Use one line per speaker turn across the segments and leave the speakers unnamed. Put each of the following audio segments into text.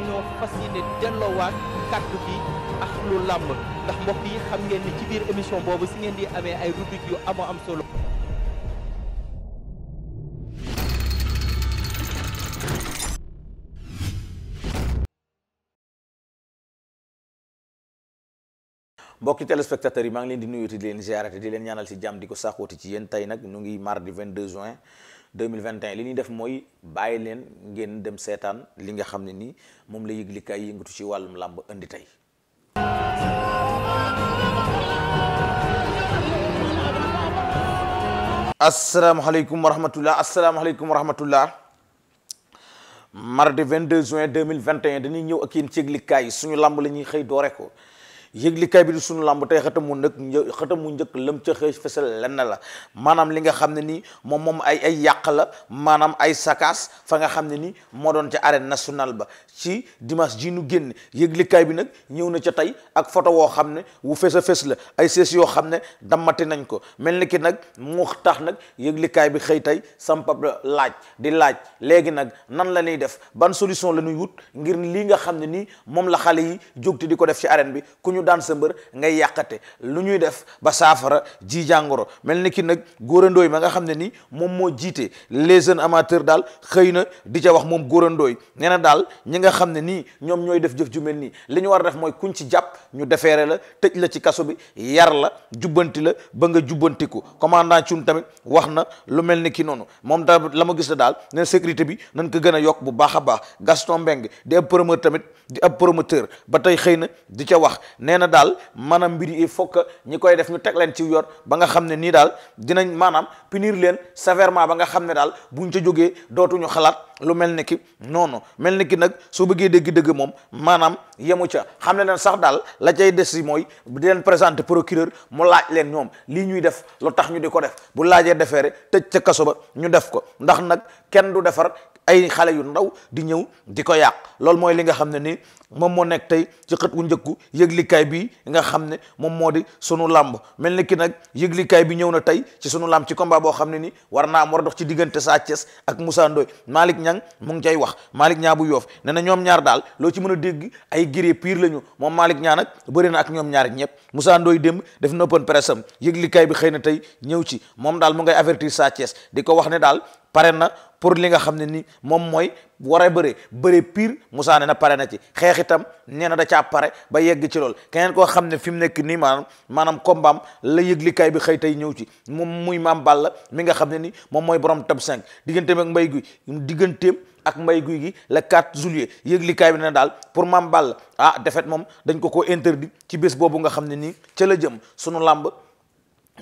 dañoo fas yéene am solo. mbokki téléspectateurs yi maa ngi leen di nuyu di leen ziarate di leen ñaanal ci jàmm di ko saxooti ci yéen tey nag ñu ngi mardi 22 juin. 2021 li ñuy def mooy bàyyi leen ngeen dem seetaan li nga xam ne ni moom la yëglikaay yëngatu ci wàllum làmb indi tey. asalaamaaleykum wa rahmatulah asalaamaaleykum wa rahmatulah mardi 22 juin 2021 dañuy ñëw ak yéen ci yëglikaay suñu làmb la ñuy xëy doore ko. yëglikaay bi di suñu làmb tey xëtam mu nag xëtam mu njëkk lëm ca xëy fesal lenn la maanaam li nga xam ne nii moom moom ay ay yàq la maanaam ay sakaas fa nga xam ne nii moo doon ca arène nationale ba ci dimanche ji nu génn yëglikaay bi nag ñëw na ca tey ak photo woo xam ne wu fes a la ay sees yoo xam ne dammati nañ ko mel ni ki nag mu tax nag yëglikaay bi xëy tey sampab laaj di laaj léegi nag nan la ñuy def ban solution la ñuy wut ngir lii nga xam ne nii moom la xale yi jógte di ko def ci arène bi ku ñu ñu daan sa mbër ngay yàqate lu ñuy def ba saafara ji jàngoro mel ni ki nag góorandooy ma nga xam ne ni moom moo jiite les jeunes amateurs daal xëy na di ca wax moom góorandooy nee na daal ñi nga xam ne nii ñoom ñooy def jëf ju mel nii li ñu war a def mooy kuñ ci jàpp ñu defeere la tëj la ci kaso bi yar la jubbanti la ba nga jubbantiku commandant Thioune tamit wax na lu mel ni ki noonu moom tamit la ma gis la daal ne sécurité bi nañ ko gën a yokk bu baax a baax Gaston Mbengue di ab promoteur ba tey xëy na di ca wax nee na daal maanaam mbir yi fokk ñi koy def ñu teg leen ci yor ba nga xam ne nii daal dinañ maanaam punir leen sévèrement ba nga xam ne daal bu ñu ca jógee dootuñu xalaat lu mel ni ki noonu mel ni ki nag soo bëggee dégg-dëgg moom maanaam yemu ca xam ne leen sax daal la cay des si mooy di leen présenter procureur mu laaj leen ñoom lii ñuy def lu tax ñu di ko def bu laajee defeere tëj ca kaso ba ñu def ko ndax nag kenn du defar ay xale yu ndaw di ñëw di ko yàq loolu mooy li nga xam ne ni moom moo nekk tey ci xët wu njëkku yëglikaay bi nga xam ne moom moo di sunu làmb mel ni ki nag yëglikaay bi ñëw na tey ci sunu làmb ci combat boo xam ne ni war naa am war a dox ci diggante Sa Thiès ak Moussa Ndoye Malick Niang mu ngi cay wax Malick ñaa bu yoof ne na ñoom ñaar daal loo ci mën a dégg ay guerrier pire la ñu moom Malick Niang nag bëri na ak ñoom ñaar ñëpp Moussa Ndoye démb def na open press am bi xëy na tey ñëw ci moom daal mu ngay avertir Sa di ko wax ne daal pare na pour li nga xam ne ni moom mooy waree a bëre bëre pire Moussa ne na pare na ci xeex itam nee na da caa pare ba yegg ci lool keneen koo xam ne fi mu nekk nii maanaam maanaam kombaam la yëglikaay bi xëy tey ñëw ci moom muy maam Balla mi nga xam ne ni moom mooy borom top 5 digganteem ak mbay guy digganteem ak mbay guy gi la 4 juillet yëglikaay bi ne daal pour maam Balla ah defet moom dañ ko koo interdit ci bés boobu nga xam ne nii cëla jëm sunu làmb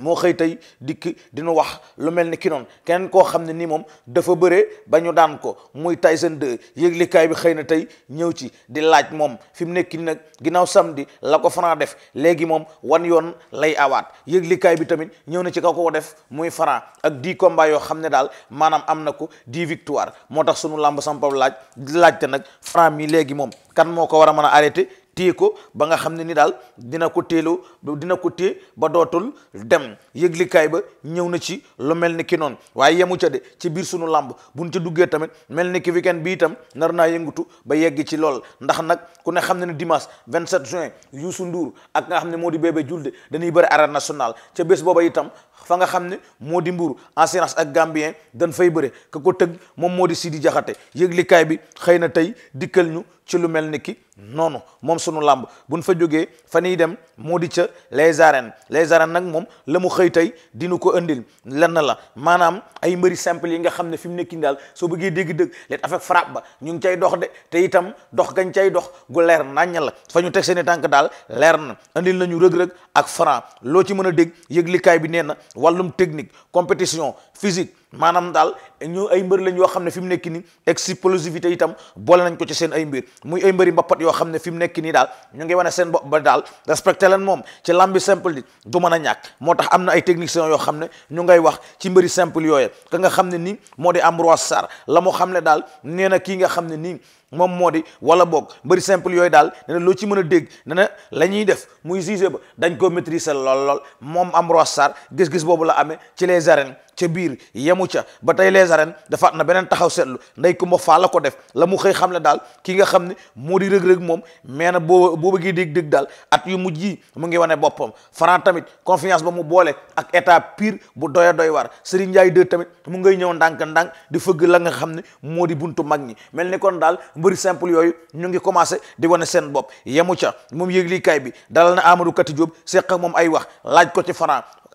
moo xëy tey dikk dinu wax lu mel ni ki kenn koo xam ne nii moom dafa bëree ba ñu daan ko muy Tyson 2 yëglikaay bi xëy na tey ñëw ci di laaj moom fi mu nekk nii nag ginnaaw samedi la ko Franc def léegi moom wan yoon lay awaat yëglikaay bi tamit ñëw na ci kaw ko def muy Franc ak di combats yoo xam ne daal maanaam am na ko dix victoire moo tax sunu làmb sampab laaj di laajte nag Franc mi léegi moom kan moo ko war a mën a arrêté téye ko ba nga xam ne ni daal dina ko téeloo dina ko téye ba dootul dem yëglikaay ba ñëw na ci lu mel ni ki noonu waaye yemu ca de ci biir sunu làmb buñ ci duggee tamit mel ni ki weekend bi itam nar naa yëngatu ba yegg ci lool ndax nag ku ne xam ne ne dimanche 27 juin Youssou Ndour ak nga xam ne moo di Bébé Diouldé dañuy bëri arène national ca bés booba itam fa nga xam ne moo di Mbour assurance ak Gambien dañ fay bëre ka ko tëgg moom moo di Sidi Jaxate yëglikaay bi xëy na tey dikkal ñu ci lu mel ni ki noonu moom sunu làmb buñ fa jógee fa ñuy dem moo di ca les arènes les arènes nag moom la mu xëy tey dinu ko indil lenn la maanaam ay mbëri simple yi nga xam ne fi mu nekki daal soo bëggee dégg dëgg let avec frappe ba ñu ngi cay dox de te itam dox gañ cay dox gu leer naññ la fa ñu teg seeni tànk daal leer na indil ñu rëg-rëg ak franc loo ci mën a dégg yëglikaay bi nee na wallum technique compétition physique maanaam daal ñu ay mbër lañ yoo xam ne fi mu nekk nii explosivité itam boole nañ ko ci seen ay mbir muy ay mbëri mbapat yoo xam ne fi mu nekk nii daal ñu ngi wane seen bopp ba daal respecté leen moom ci lambi simple di du mën a ñàkk moo tax am na ay techniciens yoo xam ne ñu ngay wax ci mbëri simple yooye ka nga xam ne nii moo di Ambroise Sarr la moo xam ne daal nee na kii nga xam ne nii moom moo di wala boog mbëri simple yooyu daal ne loo ci mën a dégg ne na la ñuy def muy jugé ba dañ ko maîtriser lool lool moom Ambroise Sarr gis-gis boobu la amee ci les arènes ca biir yemu ca ba tey les dafa dafaat na beneen taxaw seetlu nday ku ma faa la ko def la mu xëy xam ne daal ki nga xam ne moo di rëg-rëg moom mais na boo boo bëggee dégg dégg daal at yu mujj yi mu ngi wane boppam Franc tamit confiance ba mu boole ak état piir bu doya doy war Serigne Ndiaye 2 tamit mu ngay ñëw ndànk-ndànk di fëgg la nga xam ne moo di buntu mag ñi mel ni kon daal mbëri simple yooyu ñu ngi commencé di wane seen bopp yemu ca moom yëglikaay bi dalal na Amadou Kati seq moom ay wax laaj ko ci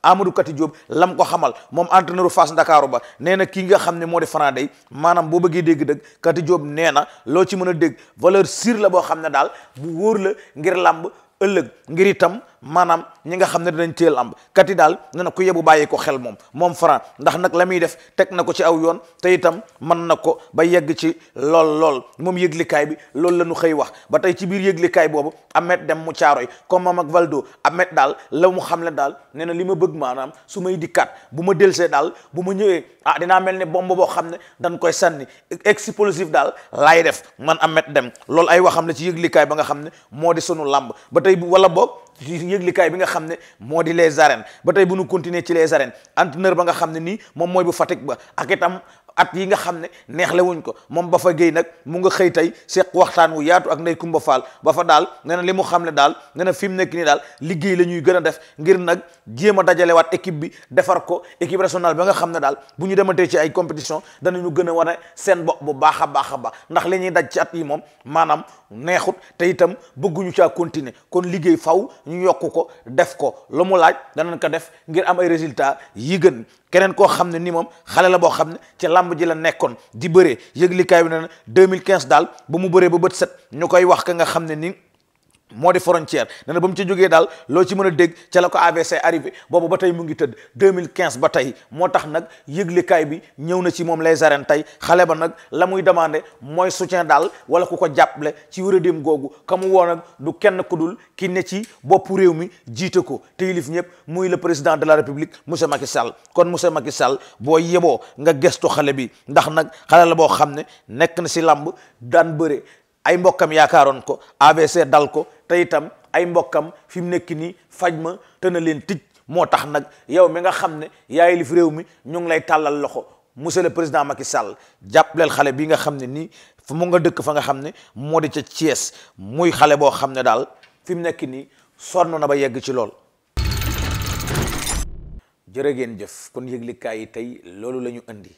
Amadou Kati Diop lam ko xamal moom entraîneur Fass Ndakaaru ba nee na kii nga xam ne moo di Franc day maanaam boo bëggee dégg dëgg Kati Diop nee na loo ci mën a dégg valeur sûre la boo xam ne daal bu wóor la ngir làmb ëllëg ngir itam maanaam ñi nga xam ne dinañ téye lamb kat yi daal ne na ku yebu bàyyi ko xel moom moom Franc ndax nag la muy def teg na ko ci aw yoon te itam man na ko ba yegg ci lool lool moom yëglikaay bi loolu la ñu xëy wax ba tey ci biir yëglikaay boobu Ahmed dem mu caaroy comme moom ak Valdo Ahmed daal la mu xam ne daal nee na li ma bëgg maanaam su may bu ma delsee daal bu ma ñëwee ah dinaa mel ni bomb boo xam ne dañ koy sànni explosif daal laay def man Ahmed dem loolu ay wax xam la ci yëglikaay ba nga xam ne moo di sunu làmb ba tey wala boog yëglikaay bi nga xam ne moo di les arènes ba tey bu ñu continuer ci les arènes entraîneur ba nga xam ne nii moom mooy bu Fatick ba ak itam at yi nga xam ne neexle wuñ ko moom ba fa géey nag mu nga xëy tey seq waxtaan wu yaatu ak Ndeye Kumba Fall ba fa daal nga ne li mu xam ne daal nga ne fi mu nekk nii daal liggéey lañuy ñuy gën a def ngir nag jéem a dajalewaat équipe bi defar ko équipe nationale ba nga xam ne daal bu ñu demantee ci ay compétition danañu gën a wane seen bopp bu baax a baax a baax ndax li ñuy daj ci at yi moom maanaam neexut te itam bëgguñu caa continuer kon liggéey faw ñu yokk ko def ko lu mu laaj danañ ko def ngir am ay résultat yi gën keneen koo xam ne nii moom xale la boo xam ne ci lam làmb ji la nekkoon di bëree yëglikaay bi ne na 2015 daal ba mu bëree ba bët set ñu koy wax ka nga xam ne ni moo di frontière nee na ba mu ci jógee daal loo ci mën a dégg ca la ko AVC arrivé boobu ba tey mu ngi tëdd 2015 ba tey moo tax nag yëglekaay bi ñëw na ci moom les arènes tey xale ba nag la muy demandé mooy soutien daal wala ku ko jàppale ci wéradéem googu ka mu woo nag du kenn ku dul ki ne ci boppu réew mi jiite ko te yilif ñëpp muy le président de la république monsieur Macky kon monsieur Macky boo yeboo nga gestu xale bi ndax nag xale la boo xam ne nekk na si làmb daan bëre ay mbokkam yaakaaroon ko AVC dal ko te itam ay mbokkam fi mu nekk nii faj ma te na leen tij moo tax nag yow mi nga xam ne yaay li réew mi ñu ngi lay tàllal loxo monsieur le président Macky Sall jàppaleel xale bi nga xam ne nii fu mu nga dëkk fa nga xam ne moo di ca Thiès muy xale boo xam ne daal fi mu nekk nii sonn na ba yegg ci lool. jërë ngeen jëf kon yëglikaay yi tey loolu lañu indi.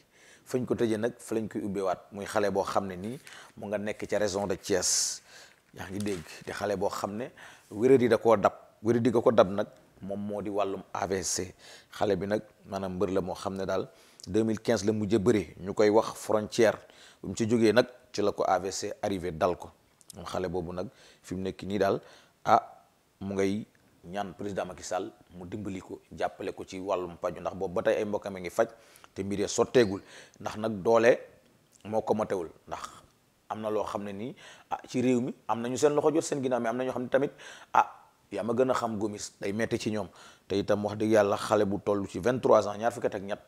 fañ ko tëjee nag fa lañ koy ubbewaat muy xale boo xam ne nii mu nga nekk ca région de Thiès yaa ngi dégg di xale boo xam ne wéré di da koo dab wéré di ga ko dab nag moom moo di wàllum AVC xale bi nag maanaam mbër la moo xam ne daal 2015 la mujj a bëri ñu koy wax frontière bu mu ci jógee nag ci la ko AVC arriver dal ko moom xale boobu nag fi mu nekk nii daal ah mu ngay ñaan président Macky Sall mu dimbali ko jàppale ko ci wàllum paju ndax boobu ba tey ay mbokkam ngi faj te mbir sotteegul ndax nag doole moo ko matewul ndax am na loo xam ne nii ah ci réew mi am na ñu seen loxo jot seen ginnaaw mi am na ñoo xam ne tamit ah yaa ma gën a xam gomis day metti ci ñoom te itam wax dëgg yàlla xale bu tollu ci 23 ans ñaar fukki at ak ñett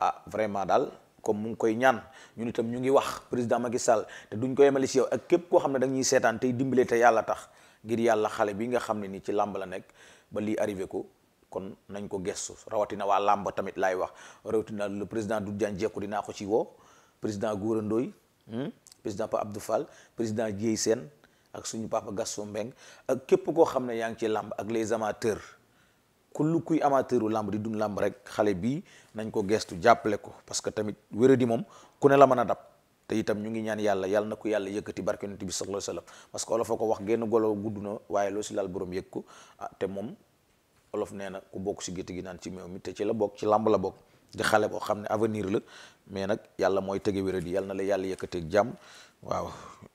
ah vraiment daal comme mu ngi koy ñaan ñu itam ñu ngi wax président Macky Sall te duñ ko yemale si yow ak képp koo xam ne danga ñuy seetaan tey dimbale te yàlla tax ngir yàlla xale bi nga xam ne nii ci làmb la nekk ba lii arrivé ko. kon nañ ko gestu rawatina waa làmb tamit laay wax rawatina le président Doudou Diagne Diéckou dinaa ko ci woo président Gora Ndoye hmm? président Pape Abdou Fall président Dieye Sène ak suñu papa Gaston Mbengue ak képp koo xam ne yaa ngi ci làmb ak les amateurs ku lu kuy amateuru làmb di dund làmb rek xale bii nañ ko gestu jàppale ko parce que tamit wéra di moom ku ne la mën a dab te itam ñu ngi ñaan yàlla yàlla na ko yàlla yëkkati barke yonent bi parce que olof a ko wax génn golo gudd na loo si laal borom yëg ko ah, te moom olof nee na ku bokk si gétt gi naan ci meew mi te ci la bokk ci làmb la bokk di xale boo xam ne avenir la mais nag yàlla mooy tege wéra di yàlla na la yàlla yëkkateeg jàmm waaw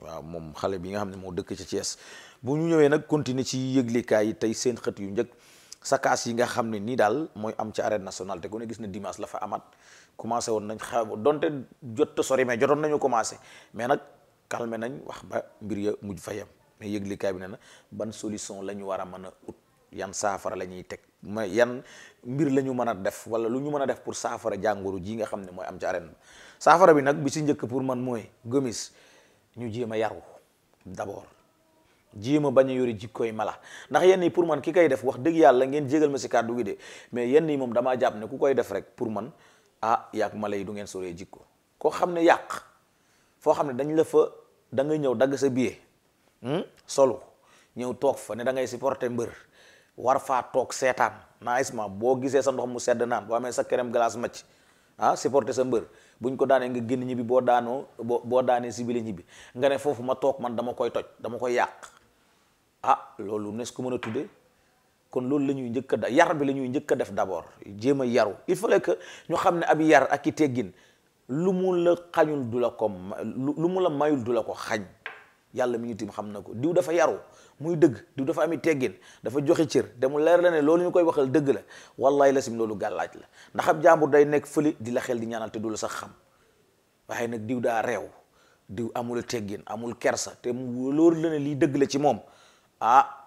waaw moom xale bi nga xam ne moo dëkk ci Thiès bu ñu ñëwee nag continuer ci yëglekaay yi tey seen xët yu njëkk sakaas yi nga xam ne nii daal mooy am ci arène nationale te ku ne gis na dimanche la fa amaat commencé woon nañ xaw donte jot sori mais jotoon nañu commencé mais nag calmé nañ wax ba mbir ya mujj fa yem mais yëglekaay bi ne na ban solution la ñu war a mën a yan saafara la ñuy teg ma yan mbir lañu ñu mën a def wala lu ñu mën a def pour saafara jàngoro jii nga xam ne mooy am ci arène saafara bi nag bi si njëkk pour man mooy gomis ñu jéem a yaru d'abord jéem a bañ a yore jikkooy mala ndax yenn yi pour man ki koy def wax dëgg yàlla ngeen jégal ma si kàddu gi de mais yenn yi moom dama jàpp ne ku koy def rek pour man ah yàgg mala yi du ngeen soree jikko koo xam ne yàq foo xam ne dañ la fa da ngay ñëw dagg sa billet hmm, solo ñëw toog fa ne da ngay supporter mbër war faa toog seetaan nagisement boo gisee sa ndox mu sedd naan boo amee sa crème glace match ah supporter sa mbër buñ ko daanee nga génn ñibbi boo daanoo boo boo daanee si bile ñibbi nga ne foofu ma toog man dama koy toj dama koy yàq ah loolu nes ko mën a tuddee kon loolu la ñuy njëkk a yar bi la ñuy njëkk a def d'abord jéem a yaru il fallait que ñu xam ne ab yar ak i teggin lu mu la xañul du la ko lu mu la mayul du la ko xañ yàlla mi ngi tim xam na ko diw dafa yaru muy dëgg du dafa ami teggin dafa joxe cër te mu leer la ne loolu ñu koy waxal dëgg la wallaay la sim loolu gàllaaj la ndax ab jàmbur day nekk fëli di la xel di ñaanal te du la sax xam waaye nag diw daa reew diw amul teggin amul kersa te loolu la ne lii dëgg la ci moom ah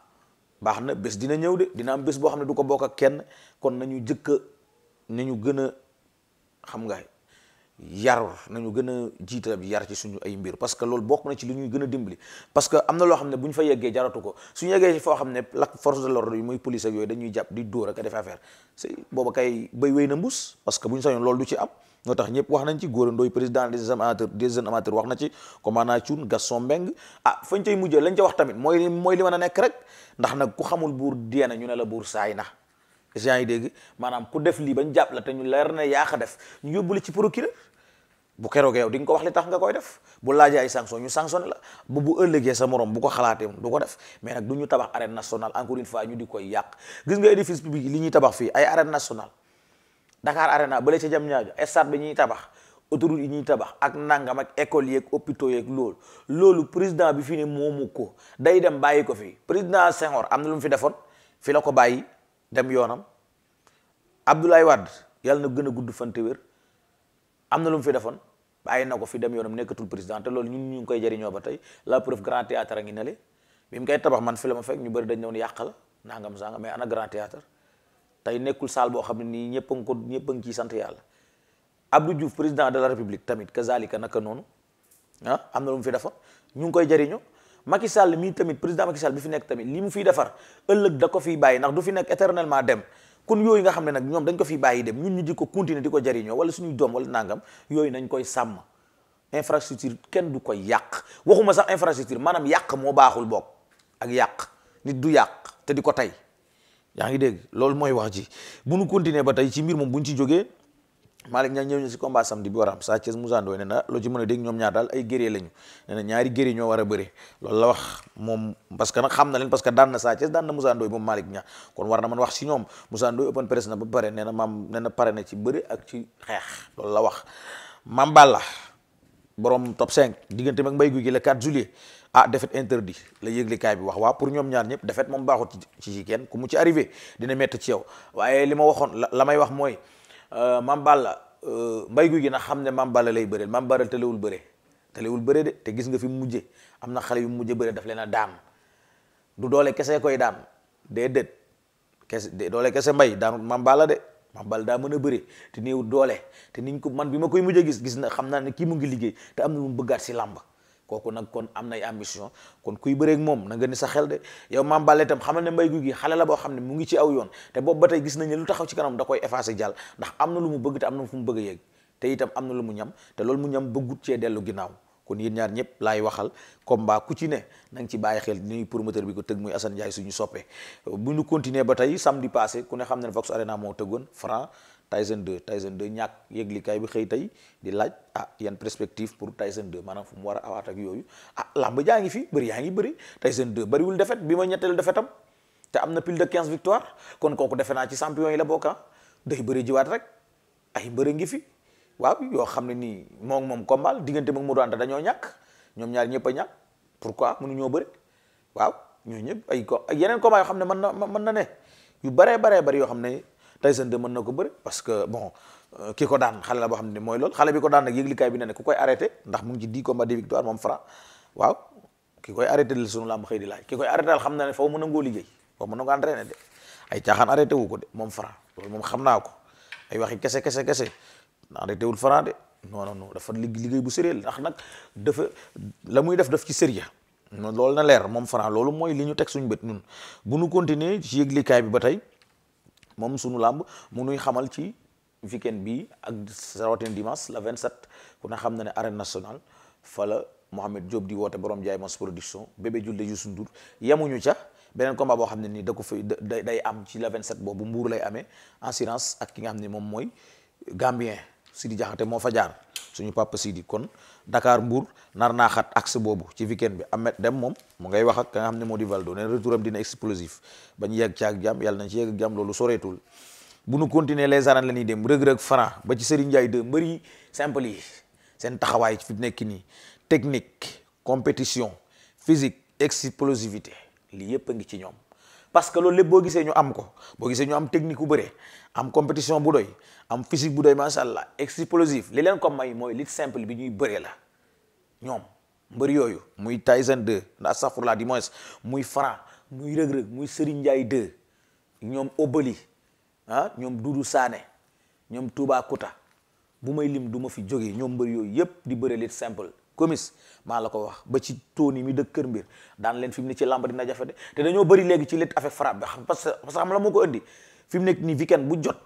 baax na bés dina ñëw de dina am bés boo xam ne du ko bokk kenn kon nañu jëkka nañu gën a xam nga yar nañu gën a yar ci suñu ay mbir parce que bokk na ci lu ñuy gën a dimbali am na loo xam ne bu ñu fa yeggee jaratu ko suñu yeggee foo xam ne la force de l'ordre yi muy police ak yooyu dañuy jàpp di dóor ak a def affaire booba kay bay wéy na mbuus parce bu ñu sañoon loolu du ci am ñoo nañ ci Gora Ndoye wax na ci commandant Thioune Gaston Mbengue ah fañ cay mujjee lañ ca wax tamit mooy li mën a nekk rek ndax nag ku xamul buur dee ñu ne la bu keroogee yow di nga ko wax li tax nga koy def bu laajee ay sanction ñu sanctionné la bu bu ëllëgee sa morom bu ko xalaatee du ko def mais nag du ñu tabax arène nationale encore une fois ñu di koy yàq gis nga édifice public li ñuy tabax fii ay arène nationale Dakar Arena bële ca jam ñaajo stade bi ñuy tabax autoroute yi ñuy tabax ak nangam ak école yeeg hôpitaux yeeg loolu loolu président bi fi ne moomu ko day dem bàyyi ko fi président Senghor am na lu mu fi defoon fi la ko bàyyi dem yoonam Abdoulaye Wade yàlla na gën a gudd fan te na lu fi defoon bàyyi na ko fi dem yoonam nekkatul président te loolu ñun ñu ngi koy jëriñoo ba tey la preuve grand théâtre a ngi nale bi mu koy tabax man fi la ma fekk ñu bëri dañ doon yàq la nangam sanga mais ana grand théâtre tey nekkul saal boo xam ne nii ñëpp a ngi ko ñëpp ngi ciy sant yàlla Abdou Diouf président de la république tamit kazalika naka noonu ah am na lu mu fi defar ñu ngi koy jariñoo Macky Sall mii tamit président Macky Sall bi fi nekk tamit li mu fiy defar ëllëg da ko fiy bàyyi ndax du fi nekk éternellement dem kon yooyu nga xam ne nag ñoom dañ ko fi bàyyi dem ñun ñu di ko continuer di ko jariñoo wala suñuy doom wala nangam yooyu nañ koy sàmm infrastructure kenn du koy yàq waxuma sax infrastructure maanaam yàq moo baaxul bokk ak yàq nit du yàq te di ko tey yaa ngi dégg loolu mooy wax ji bu nu continuer ba tey ci mbir moom bu ñu ci jógee Malick Niang ñëw ñu si combat samedi bi war Sa Thiès Moussa Ndoye nee ci mën a dégg ñoom ñaar daal ay guerrier lañu nee ñaari guerrier ñoo war a bëre loolu la wax moom parce que nag xam na leen parce que daan na Sa Thiès daan na Moussa Ndoye moom Malick Niang kon war na mën wax si ñoom Moussa Ndoye open press na ba pare nee na maam nee pare na ci bëre ak ci xeex loolu la wax Mame la borom top 5 diggante mag mbay guy gi le 4 juillet ah défaite interdit la yëglikaay bi wax waa pour ñoom ñaar ñëpp défaite moom baaxut ci ci kenn ku mu ci arrivé dina métti ci yow waaye li ma waxoon la may wax mooy Euh, mamballa Balla euh, mbay guy gi na xam ne Mame Balla lay bëreel Mame Balla tëlewul bëre telewul bëre de te gis nga fi mujje am na xale yu mujje bëre daf leen a daan du doole kese koy daan déedéet kese doole kese mbay daanut Mame Balla de Mame Balla daa mën a bëre te néewut doole te niñ ko man bi ma koy mujje gis gis na xam naa ne kii mu ngi liggéey te am na lu mu bëggaat si làmb kooku nag kon am nay ambition kon kuy bëreek moom na nga ni sa xel de yow Mame Balla tam xamal ne mbay Gouy Gui xale la boo xam ne mu ngi ci aw yoon te boobu ba tey gis nañ ne lu taxaw ci kanam da koy effacé jàll ndax am na lu mu bëgg te na fu mu bëgg a yegg am na lu mu ñam te loolu mu ñam bëggut cee dellu ginnaaw kon yéen ñaar ñëpp laay waxal combat ku ci ne na ci bàyyi xel ni promoteur bi ko tëg muy Assane Ndiaye suñu soppee bu ñu continuer ba tey samedi passé ku ne xam ne Vox Arena moo tëggoon Franc Tyson 2 Tyson 2 ñàkk yëglikaay bi xëy tey di laaj ah yan perspective pour Tyson 2 maanaam fu mu war a awaat ak yooyu ah làmb jaa ngi fi bëri yaa ngi bëri Tyson 2 bëriwul defet bi ma ñetteelu défaite te am na pile de 15 victoire kon kooku defe naa ci champion yi la bokka ah. day bëri jiwaat rek ay mbëre ngi fi waaw yoo xam ne nii moom moom combat diggante moom Modou Anta dañoo ñàkk ñoom ñaar ñëpp a ñàkk pourquoi mënuñoo bëri waaw ñoo ñëpp ay ko yeneen combat yoo xam ne mën na mën na ne yu baree baree bari yoo xam ne Tyson 2 mën na ko bëri parce que bon euh, ki ko daan xale la boo xam ne mooy lool xale bi ko daan nag yëglikaay bi ne ne ku koy arrêté ndax mu ngi ci 10 combats de victoire moom Franc waaw ki koy arrêté la xam na ne faw mën a ngoo liggéey faw mën a ko wu ko moom Franc loolu moom xam naa ko ay waxi kese kese kese arrêté wul Franc de non non non dafa liggéey bu sérieux ndax nag dafa la muy def def ci sérieux loolu na leer moom Franc loolu mooy li ñu teg suñu bët nun bu nu continuer ci yëglikaay bi ba tey moom sunu làmb mu nuy xamal ci weekend bi ak rawatina dimanche la 27 ku ne xam na ne arène nationale fa la Mohamed Diop di woote borom jaay mos production bébé julde Youssou Ndour yemuñu ca beneen combat boo xam ne nii da ko fay day am ci la 27 boobu mbuur lay amee assurance ak ki nga xam ne moom mooy Gambien. Sidi Diakhaté moo fa jaar suñu papa Sidi kon Dakar Mbour nar naa xat axe boobu ci weekend bi Ahmed Dem moom mu ngay wax ak ka nga xam ne moo di Valdo neen retouram dina explosif ba ñu yegg ci ak jàmm yàlla nañ ci yegg ak jàmm loolu soreetul bu nu continuer les arènes la ñuy dem rëg-rëg franc ba ci Serigne Ndiaye 2 mbëri simple yi seen taxawaay fi nekk nii technique compétition physique explosivité lii yëpp a ngi ci ñoom parce que loolu lépp boo gisee ñu am ko boo gisee ñu am technique bu bëre am compétition bu doy am physique bu doy macha allah explosif li leen ko may mooy lit simple bi ñuy bëree la ñoom mbër yooyu muy Tyson 2 ndax safurla du moins muy Franc muy rëg-rëg muy Serigne Ndiaye 2 ñoom Obali ah ñoom Doudou saane ñoom Touba Kouta bu may lim du ma fi jógee ñoom mbër yooyu yépp di bëre lit simple commis maa la ko wax ba ci tóoni mi dëkk kër mbir daan leen fi mu ne ci làmb dina jafe de te dañoo bëri léegi ci lit avec frappe bi parce que parce que xam la moo ko indi fi mu nekk nii weekend bu jot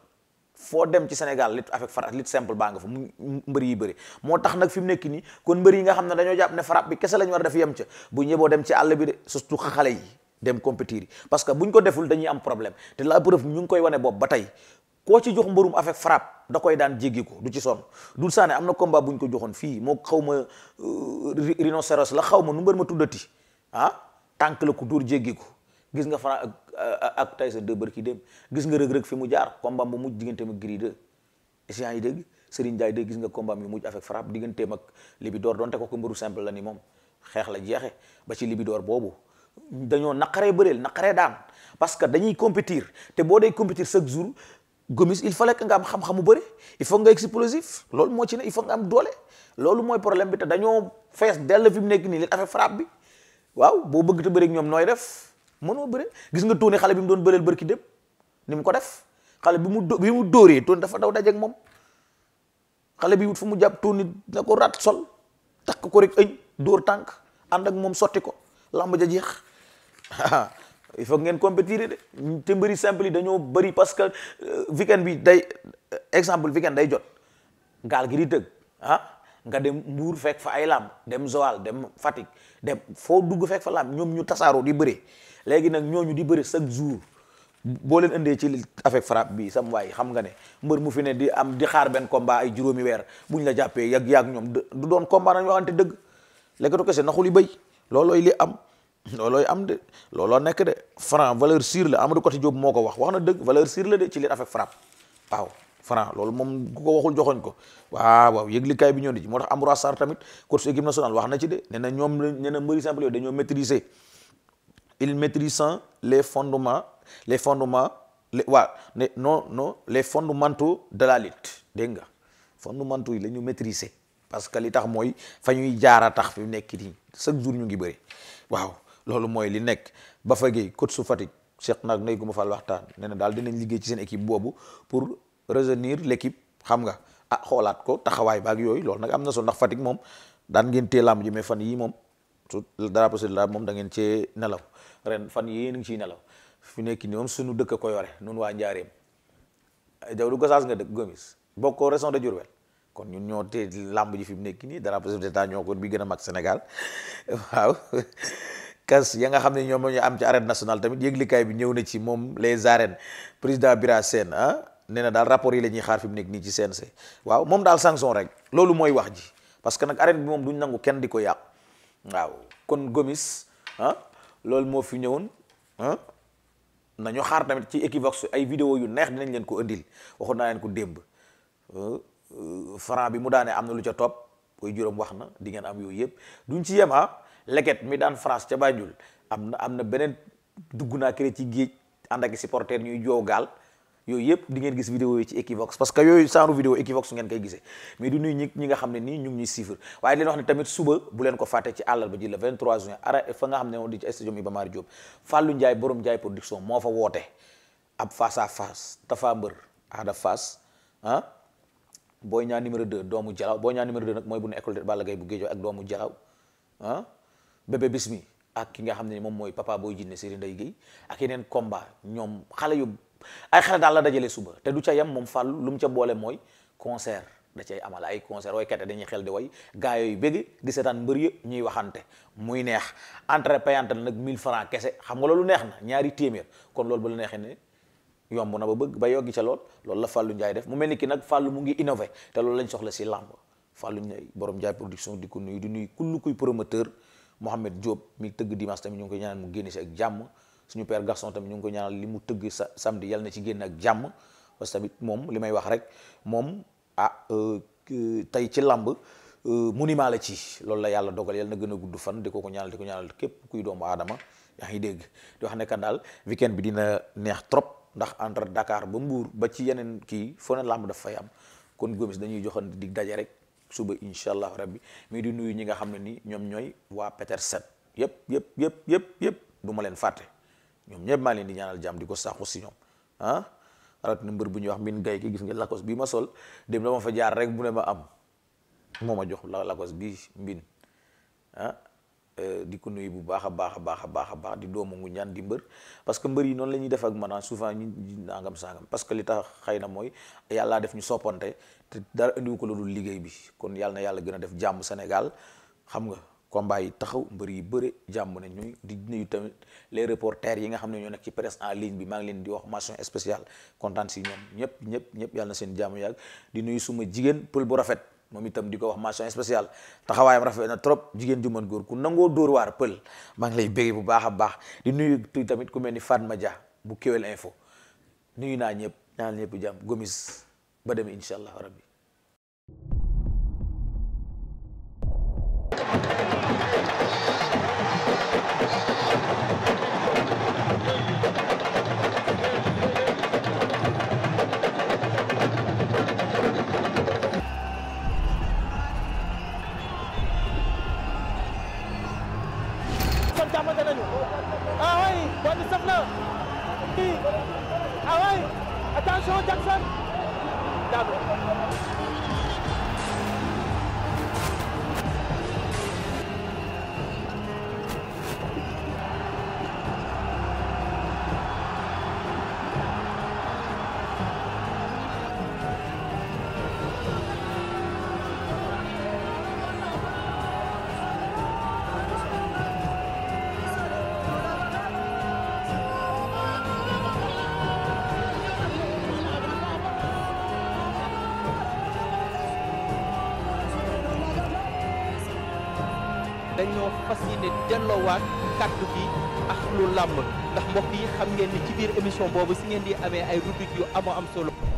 foo dem ci Sénégal lit avec frappe lit simple baa nga fa mu mbër yi bëri moo tax nag fi mu nekk nii kon mbër yi nga xam ne dañoo jàpp ne frappe bi kese la ñu war a dafa yem ca bu ñëboo dem ci àll bi de surtout xale yi dem compétir yi parce que buñ ko deful dañuy am problème la preuve ngi koy wane boobu ba tey koo ci jox mbërum avec frappe da koy daan jéggi ko du ci sonn dul saane am na combat bu ñu ko joxoon fii moo xaw ma euh, rhinocéros la xaw ma nu mbër ma tuddati ah tànk la ku dóor jéggi ko gis nga Franc ak ak Tyson 2 bër ki dem gis nga rëg-rëg fi mu jaar combat mu mujj digganteem ak Gris 2 essiant yi dégg Serigne Ndiaye gis nga combat mi mujj avec frappe digganteem ak Libidor donte ko ko mbëru simple la ni moom xeex la jeexe ba ci Libidor boobu dañoo naqaree bëreel naqaree daan parce que dañuy compétir te boo dee compétir chaque jour Gomis il fallait que nga am xam-xam bu bëri il faut nga explosif loolu moo ci ne il faut nga am doole loolu mooy problème bi te dañoo fees dell fi mu nekk nii li affaire frappe bi waaw boo bëgg te bëri ak ñoom nooy def mënoo bëri gis nga Toné xale bi mu doon bëreel bërki dem ni mu ko def xale bi mu dó bi mu dóoree Toné dafa daw dajeeg moom xale bi wut fu mu jàpp Toné na ko rat sol takk ko rek ëñ dóor tànk ànd ak moom sotti ko làmb ja jeex il faut ngeen compétir de te mbëri simple yi dañoo bëri parce que euh, weekend bi day euh, exemple weekend day jot gaal gi di dëgg ah nga dem Mbuur fekk fa ay làmb dem Joal dem Fatick dem foo dugg fekk fa làmb ñoom ñu tasaaroo di bëre léegi nag ñooñu di bëre chaque jour boo leen indee ci avec frappe bi sam waay xam nga ne mbër mu fi ne di am di xaar benn combat ay juróomi weer ñu la jàppee yàgg yàgg ñoom du doon combat nañ waxante dëgg léegi to kese naxul yi béy loolooy li am loolooy am de looloo nekk de franc valeur sûre la Amadou Côté Diop moo ko wax wax na dëgg valeur sûre la de ci li affaire frappe waaw franc loolu moom ku ko waxul joxoñ ko waaw waaw yëglikaay bi ñoo di ci moo tax Ambroise Sarr tamit coach équipe nationale wax na ci de nee na ñoom nee na mbëri simple yooyu dañoo maîtriser il maîtrisant les fondement les fondements les waa ne non non les fondamentaux de la dégg nga fondamentaux yi la ñu maîtriser parce que li tax mooy fa ñuy jaara tax fi nekk nii chaque jour ñu ngi bëri loolu mooy li nekk Bafa Gueye coach su Fatick Cheikh nag nay gu ma fal waxtaan nee na daal dinañ liggéey ci seen équipe boobu pour rejoindre l'équipe xam nga ah, xoolaat ko taxawaay baak yooyu loolu nag am na solo ndax Fatick moom daan ngeen tee làmb ji fan yi moom su drapeau sur la moom da ngeen cee nelaw ren fan yi yéen ngi ciy nelaw fi nekk ni moom dëkk ko yore nun waa njaareem jaw du gosaas nga dëkk gomis bokkoo région de Diourbel kon ñun ñoo tee làmb ji fi mu nekk nii drapeau sur l'état ñoo ko bi gën a mag Sénégal waaw kas ya nga xam ne ñoom ñu am ci arène nationale tamit yëglikaay bi ñëw na ci moom les arènes président Bira Sène ah nee na daal rapport yi la ñuy xaar fi mu nekk nii ci CNG waaw moom daal sanction rek loolu mooy wax ji parce que nag arène bi moom duñ nangu kenn di ko yàqu waaw kon Gomis ah loolu moo fi ñëwoon ah nañu xaar tamit ci Equivox ay vidéo yu neex dinañ leen ko indil waxoon naa leen ko démb ah, ah, Franc bi mu daanee am na lu ca topp koy juróom wax na di ngeen am yooyu yëpp leket mi daan France ca Banjul am na am na beneen dugg naa kër ci géej ànd ak supporter ñuy joogaal gaal yooyu yëpp di ngeen gis vidéo yi ci Equivox parce que yooyu genre vidéo Equivox ngeen koy gisee mais du nuyu ñi nga xam ne nii ñu ngi ñuy siifar waaye leen wax ne tamit suba bu leen ko fàtte ci àllarba ji le 23 juin ara fa nga xam ne woon di ci stadium Iba Mar Diop Fallou Ndiaye production moo fa woote ab face à face Tafa Mbër Ada Fass ah Boy doomu Jalaw Boy Niang numéro 2 nag bu nu école de Balla Gaye ak doomu Jalaw ah bébé bismi ak ki nga xam ne moom mooy papa booy jinne Serigne Ndeye Guèye ak yeneen combat ñoom xale yu ay xale daal la dajale suba te du ca yem moom fàllu lu mu ca boole mooy concert da cay amal ay concert way kette dañuy xel di way gaa yu bëgg di seetaan mbër yëpp ñuy waxante muy neex entrée payante la nag 1000 francs kese xam nga loolu neex na ñaari téeméer kon loolu ba la neexee ne yomb na ba bëgg ba yoggi ca lool loolu la Fallou Ndiaye def mu mel ni ki nag Fallou mu ngi innové loolu lañ soxla si làmb Fallou Ndiaye borom Ndiaye production di Mohamed Diop mi tëgg dimanche tamit ñu ngi koy ñaanal mu génne si ak jàmm suñu père garçon tamit ñu ngi ko ñaanal li mu tëgg sa samedi yàlla na ci génn ak jàmm parce tamit moom li may wax rek moom ah euh, tey ci làmb euh, monument la ci loolu la yàlla dogal yàlla na gën a gudd fan di ko ko ñaanal di ko ñaanal képp kuy doomu aadama yaa ngi dégg di wax ne kan daal weekend bi dina neex trop ndax entre Dakar ba mbuur ba ci yeneen kii foo ne làmb daf fay am kon Gomis dañuy joxan dig daje rek suba incha allahu rabbi mais di nuyu ñi nga xam ne ni ñoom ñooy waa Petersen yëpp yëpp yëpp yëpp yëpp du ma leen fàtte ñoom ñëpp maa leen di ñaanal jàmm di ko saxu si ñoom ah rawatina mbër bu ñuy wax min gay ki gis nga lakos bii ma sol dem dama fa jaar rek bu ne ma am moo ma jox lakos bii mbin ah Euh, di ko nuyu bu baax a baax a baax a baax a baax di doomu ngu ñaan di mbër parce que mbër yi noonu la ñuy def ak maanaam ah, souvent ñu nangam sangam parce que li tax xëy na mooy yàllaa def ñu soppante dara indiwu ko lu dul liggéey bi kon yàlla na yàlla gën a def jàmm Sénégal xam nga combat yi taxaw mbër yi bëre jàmm ne ñuy di nuyu tamit les reporters yi nga xam ne ñoo nekk ci presse en ligne bi maa ngi leen di wax mention spéciale kontaan si ñoom ñëpp ñëpp ñëpp yàlla na seen jàmm yàgg di nuyu suma jigéen pël bu rafet moom itam di ko wax mention spéciale taxawaayam rafet na trop jigéen ju mën góor ku nangoo dóor waar pël maa ngi lay bégge bu baax a baax di nuyu tuy tamit ku mel ni ma Dia bu Kewel Info nuyu naa ñëpp ñaan ñëpp jàmm gomis ba demee incha allah rabbi ne delloowaat kàddu gi ak lu làmb ndax mbokk yi xam ngeen ni ci biir émission boobu si ngeen di amee ay rubrique yu amoo am solo